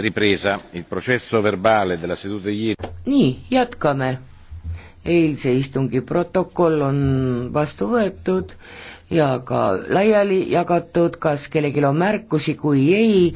ripresa il processo verbale della seduta di ieri. nii, jätkame. eilse istungi protokoll on vastu võetud ja ka laiali jagatud, kas kellelgi on märkusi, kui ei,